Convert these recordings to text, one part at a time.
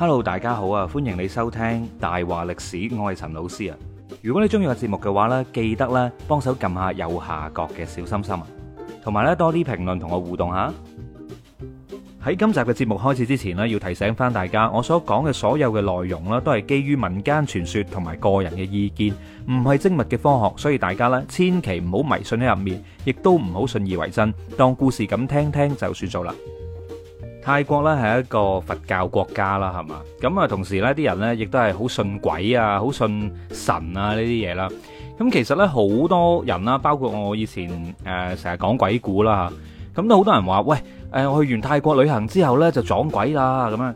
Hello，大家好啊！歡迎你收聽大話歷史，我係陳老師啊！如果你中意個節目嘅話呢，記得咧幫手撳下右下角嘅小心心啊，同埋咧多啲評論同我互動吓。喺今集嘅節目開始之前呢，要提醒翻大家，我所講嘅所有嘅內容咧，都係基於民間傳說同埋個人嘅意見，唔係精密嘅科學，所以大家咧千祈唔好迷信喺入面，亦都唔好信以為真，當故事咁聽聽就算做啦。泰國咧係一個佛教國家啦，係嘛，咁啊同時咧啲人咧亦都係好信鬼啊，好信神啊呢啲嘢啦。咁其實咧好多人啦，包括我以前誒成日講鬼故啦吓，咁都好多人話喂，誒我去完泰國旅行之後咧就撞鬼啦咁啊，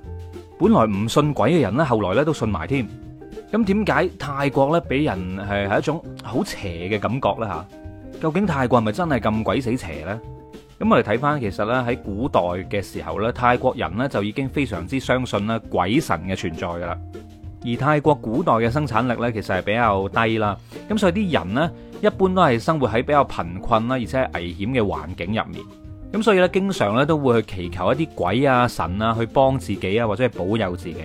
本來唔信鬼嘅人咧，後來咧都信埋添。咁點解泰國咧俾人係係一種好邪嘅感覺咧吓？究竟泰國係咪真係咁鬼死邪咧？咁我哋睇翻，其實咧喺古代嘅時候咧，泰國人咧就已經非常之相信咧鬼神嘅存在噶啦。而泰國古代嘅生產力咧，其實係比較低啦。咁所以啲人呢，一般都係生活喺比較貧困啦，而且係危險嘅環境入面。咁所以呢，經常咧都會去祈求一啲鬼啊神啊去幫自己啊，或者係保佑自己。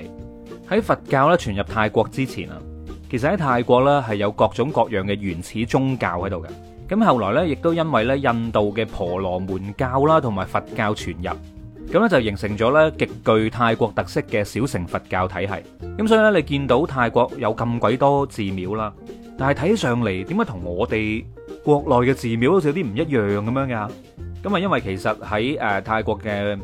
喺佛教咧傳入泰國之前啊，其實喺泰國呢，係有各種各樣嘅原始宗教喺度嘅。咁後來咧，亦都因為咧印度嘅婆羅門教啦，同埋佛教傳入，咁咧就形成咗咧極具泰國特色嘅小乘佛教體系。咁所以咧，你見到泰國有咁鬼多寺廟啦，但係睇上嚟點解同我哋國內嘅寺廟好似有啲唔一樣咁樣㗎？咁啊，因為其實喺誒泰國嘅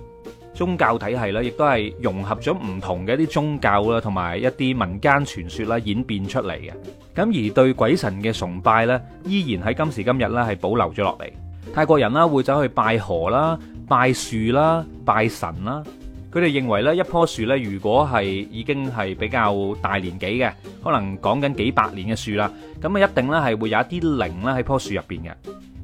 宗教體系咧，亦都係融合咗唔同嘅一啲宗教啦，同埋一啲民間傳說啦，演變出嚟嘅。咁而對鬼神嘅崇拜咧，依然喺今時今日咧係保留咗落嚟。泰國人啦會走去拜河啦、拜樹啦、拜神啦。佢哋認為咧一樖樹咧，如果係已經係比較大年紀嘅，可能講緊幾百年嘅樹啦，咁啊一定咧係會有一啲靈咧喺樖樹入邊嘅。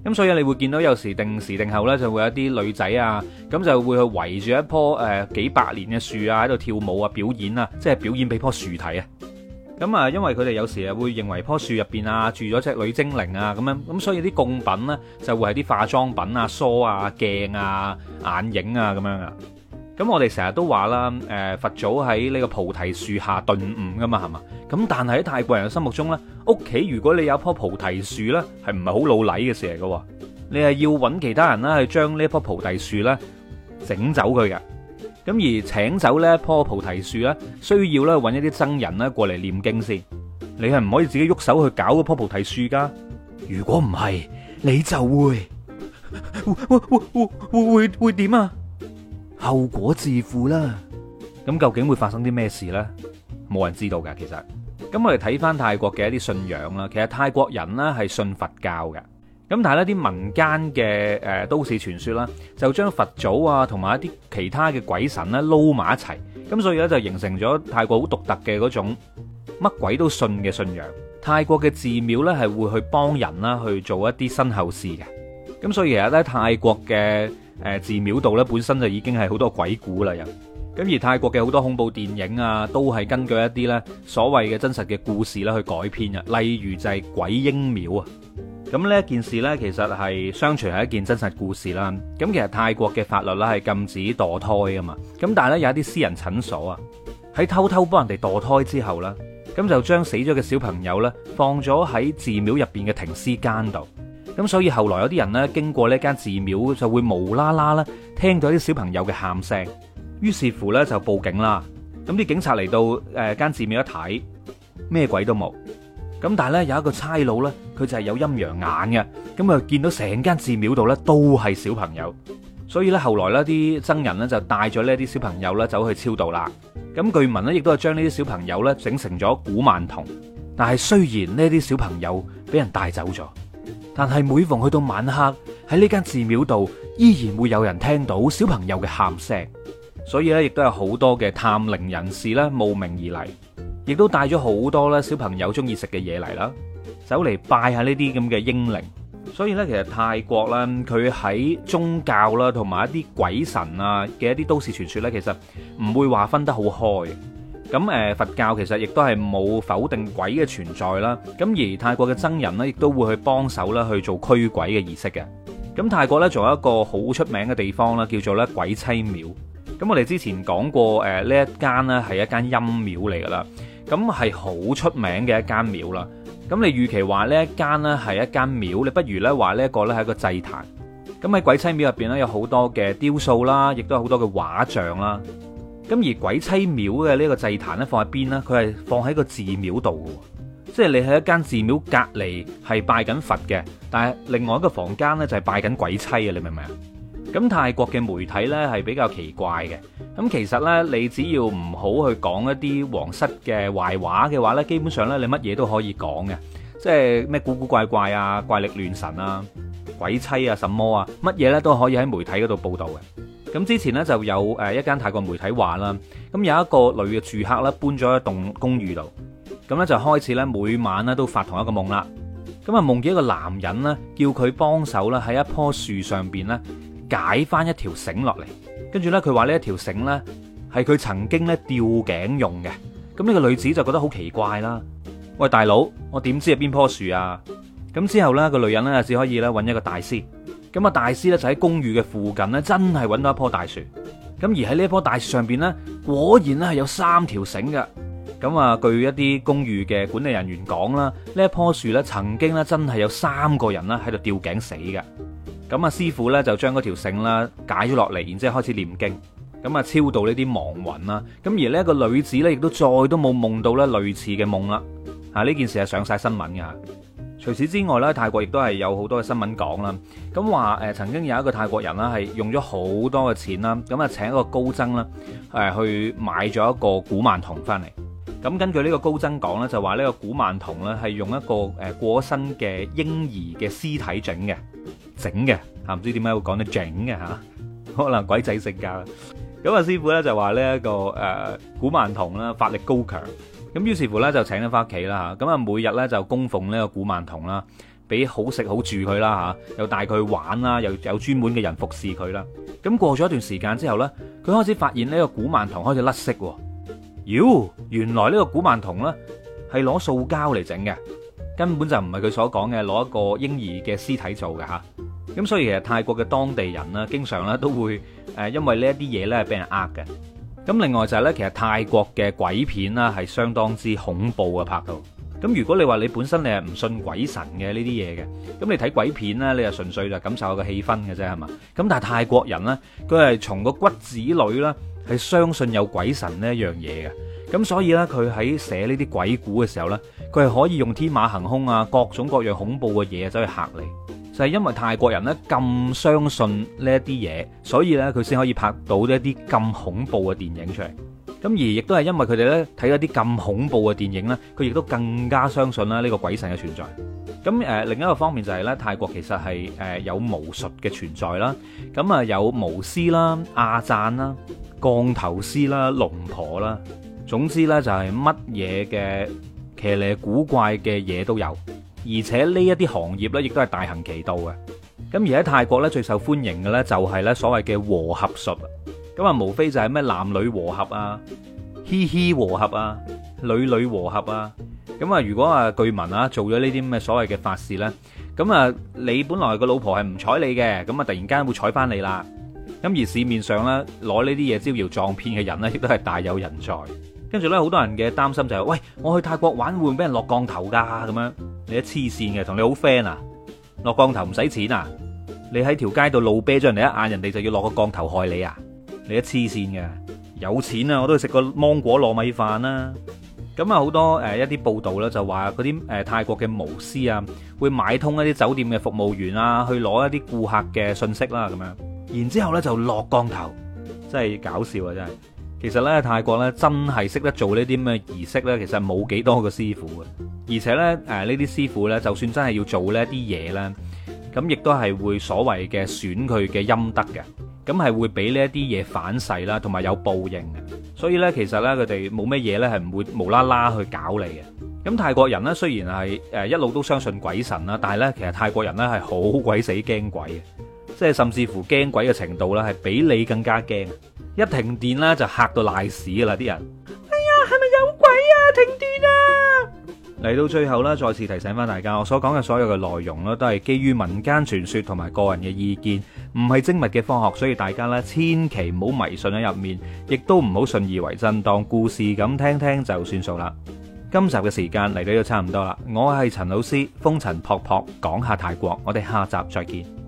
咁所以你會見到有時定時定候呢，就會有啲女仔啊，咁就會去圍住一棵誒、呃、幾百年嘅樹啊，喺度跳舞啊、表演啊，即係表演俾棵樹睇啊。咁啊，因為佢哋有時啊會認為棵樹入邊啊住咗隻女精靈啊咁樣，咁所以啲供品呢，就會係啲化妝品啊、梳啊、鏡啊、眼影啊咁樣啊。咁、嗯、我哋成日都話啦，誒、呃，佛祖喺呢個菩提樹下頓悟噶嘛，係嘛？咁但係喺泰國人嘅心目中咧，屋企如果你有一棵菩提樹咧，係唔係好老禮嘅事嚟、啊、嘅？你係要揾其他人啦，去將呢一棵菩提樹咧整走佢嘅。咁而請走呢一棵菩提樹咧，需要咧揾一啲僧人咧過嚟念經先。你係唔可以自己喐手去搞棵菩提樹噶？如果唔係，你就會會會會會會會點啊？後果自負啦！咁究竟會發生啲咩事呢？冇人知道嘅，其實。咁我哋睇翻泰國嘅一啲信仰啦，其實泰國人呢係信佛教嘅。咁但係呢啲民間嘅誒都市傳說啦，就將佛祖啊同埋一啲其他嘅鬼神咧撈埋一齊。咁所以咧就形成咗泰國好獨特嘅嗰種乜鬼都信嘅信仰。泰國嘅寺廟呢係會去幫人啦去做一啲身後事嘅。咁所以其實咧泰國嘅。誒寺廟度咧，本身就已經係好多鬼故啦，又。咁而泰國嘅好多恐怖電影啊，都係根據一啲咧所謂嘅真實嘅故事啦去改編嘅。例如就係、是、鬼嬰廟啊。咁呢件事咧，其實係相傳係一件真實故事啦。咁其實泰國嘅法律咧係禁止墮胎噶嘛。咁但係咧有一啲私人診所啊，喺偷偷幫人哋墮胎之後啦，咁就將死咗嘅小朋友咧放咗喺寺廟入邊嘅停屍間度。咁所以後來有啲人呢經過呢間寺廟，就會無啦啦咧聽到啲小朋友嘅喊聲，於是乎呢就報警啦。咁啲警察嚟到誒間寺廟一睇，咩鬼都冇。咁但係呢有一個差佬呢，佢就係有陰陽眼嘅，咁啊見到成間寺廟度呢都係小朋友，所以呢後來呢啲僧人呢就帶咗呢啲小朋友呢走去超度啦。咁據聞呢亦都係將呢啲小朋友呢整成咗古曼童。但係雖然呢啲小朋友俾人帶走咗。但係每逢去到晚黑喺呢間寺廟度，依然會有人聽到小朋友嘅喊聲，所以咧亦都有好多嘅探靈人士咧慕名而嚟，亦都帶咗好多咧小朋友中意食嘅嘢嚟啦，走嚟拜下呢啲咁嘅英靈。所以咧，其實泰國啦，佢喺宗教啦同埋一啲鬼神啊嘅一啲都市傳說咧，其實唔會話分得好開。咁誒，佛教其實亦都係冇否定鬼嘅存在啦。咁而泰國嘅僧人呢，亦都會去幫手啦，去做驅鬼嘅儀式嘅。咁泰國呢，仲有一個好出名嘅地方啦，叫做咧鬼妻廟。咁我哋之前講過誒，呢一間咧係一間陰廟嚟㗎啦。咁係好出名嘅一間廟啦。咁你預期話呢一間咧係一間廟，你不如咧話呢一個咧係一個祭壇。咁喺鬼妻廟入邊咧有好多嘅雕塑啦，亦都有好多嘅畫像啦。咁而鬼妻廟嘅呢個祭壇咧，放喺邊呢？佢係放喺個寺廟度嘅，即係你喺一間寺廟隔離係拜緊佛嘅，但係另外一個房間呢，就係拜緊鬼妻啊！你明唔明啊？咁泰國嘅媒體呢係比較奇怪嘅，咁其實呢，你只要唔好去講一啲皇室嘅壞話嘅話呢，基本上呢，你乜嘢都可以講嘅，即係咩古古怪怪啊、怪力亂神啦、啊、鬼妻啊、什麼啊、乜嘢呢都可以喺媒體嗰度報導嘅。咁之前咧就有誒一間泰國媒體話啦，咁有一個女嘅住客咧搬咗一棟公寓度，咁咧就開始咧每晚咧都發同一個夢啦，咁啊夢見一個男人咧叫佢幫手咧喺一棵樹上邊咧解翻一條繩落嚟，跟住咧佢話呢一條繩咧係佢曾經咧吊頸用嘅，咁、這、呢個女子就覺得好奇怪啦，喂大佬我點知係邊棵樹啊？咁之後咧個女人咧只可以咧揾一個大師。咁啊，大師咧就喺公寓嘅附近咧，真係揾到一棵大樹。咁而喺呢一棵大樹上邊咧，果然咧係有三條繩㗎。咁啊，據一啲公寓嘅管理人員講啦，呢一棵樹咧曾經咧真係有三個人啦喺度吊頸死㗎。咁啊，師傅咧就將嗰條繩啦解咗落嚟，然之後開始念經。咁啊，超度呢啲亡魂啦。咁而呢一個女子咧，亦都再都冇夢到咧類似嘅夢啦。啊，呢件事係上晒新聞㗎。除此之外咧，泰國亦都係有好多嘅新聞講啦。咁話誒，曾經有一個泰國人啦，係用咗好多嘅錢啦，咁啊請一個高僧啦，誒去買咗一個古曼童翻嚟。咁根據呢個高僧講咧，就話呢個古曼童咧係用一個誒過身嘅嬰兒嘅屍體整嘅，整嘅嚇，唔知點解會講得整嘅吓，可能鬼仔性格。咁啊師傅咧就話呢一個誒古曼童啦，法力高強。咁於是乎咧就請咗翻屋企啦嚇，咁啊每日咧就供奉呢個古曼童啦，俾好食好住佢啦嚇，又帶佢去玩啦，又有專門嘅人服侍佢啦。咁過咗一段時間之後咧，佢開始發現呢個古曼童開始甩色喎。妖，原來呢個古曼童咧係攞塑膠嚟整嘅，根本就唔係佢所講嘅攞一個嬰兒嘅屍體做嘅嚇。咁所以其實泰國嘅當地人咧，經常咧都會誒因為呢一啲嘢咧係俾人呃嘅。咁另外就係咧，其實泰國嘅鬼片啦，係相當之恐怖嘅拍到。咁如果你話你本身你係唔信鬼神嘅呢啲嘢嘅，咁你睇鬼片呢，你就純粹就感受個氣氛嘅啫，係嘛？咁但係泰國人呢，佢係從個骨子裏呢係相信有鬼神呢一樣嘢嘅，咁所以呢，佢喺寫呢啲鬼故嘅時候呢，佢係可以用天馬行空啊，各種各樣恐怖嘅嘢走去嚇你。就係因為泰國人咧咁相信呢一啲嘢，所以咧佢先可以拍到呢一啲咁恐怖嘅電影出嚟。咁而亦都係因為佢哋咧睇咗啲咁恐怖嘅電影咧，佢亦都更加相信啦呢個鬼神嘅存在。咁誒、呃、另一個方面就係、是、咧，泰國其實係誒、呃、有巫術嘅存在啦。咁、呃、啊有巫師啦、亞、啊、讚啦、降頭師啦、龍婆啦，總之咧就係乜嘢嘅騎呢古怪嘅嘢都有。而且呢一啲行業呢亦都係大行其道嘅。咁而喺泰國呢，最受歡迎嘅呢就係呢所謂嘅和合術。咁啊，無非就係咩男女和合啊，嘻嘻和合啊，女女和合啊。咁啊，如果啊，據聞啊做咗呢啲咩所謂嘅法事呢，咁啊，你本來個老婆係唔睬你嘅，咁啊，突然間會睬翻你啦。咁而市面上呢，攞呢啲嘢招搖撞騙嘅人呢，亦都係大有人在。跟住呢，好多人嘅擔心就係、是：喂，我去泰國玩，玩會唔會俾人落降頭㗎、啊？咁樣。你一黐線嘅，同你好 friend 啊？落降頭唔使錢啊？你喺條街度路啤咗人哋一眼，人哋就要落個降頭害你啊？你一黐線嘅，有錢啊？我都要食個芒果糯米飯啦、啊。咁啊好多誒一啲報道咧，就話嗰啲誒泰國嘅巫師啊，會買通一啲酒店嘅服務員啊，去攞一啲顧客嘅信息啦、啊，咁樣，然之後咧就落降頭，真係搞笑啊，真係。其實咧，泰國咧真係識得做呢啲咩儀式咧，其實冇幾多個師傅嘅，而且咧誒呢啲師傅咧，就算真係要做呢一啲嘢咧，咁亦都係會所謂嘅損佢嘅陰德嘅，咁係會俾呢一啲嘢反噬啦，同埋有報應嘅。所以咧，其實咧佢哋冇咩嘢咧係唔會無啦啦去搞你嘅。咁泰國人咧雖然係誒一路都相信鬼神啦，但係咧其實泰國人咧係好鬼死驚鬼嘅。即係甚至乎驚鬼嘅程度啦，係比你更加驚。一停電啦，就吓到賴屎㗎啦，啲人。哎呀，係咪有鬼啊？停電啊！嚟到最後啦，再次提醒翻大家，我所講嘅所有嘅內容咧，都係基於民間傳說同埋個人嘅意見，唔係精密嘅科學，所以大家呢，千祈唔好迷信喺入面，亦都唔好信以為真，當故事咁聽聽就算數啦。今集嘅時間嚟到都差唔多啦，我係陳老師，風塵僕僕講下泰國，我哋下集再見。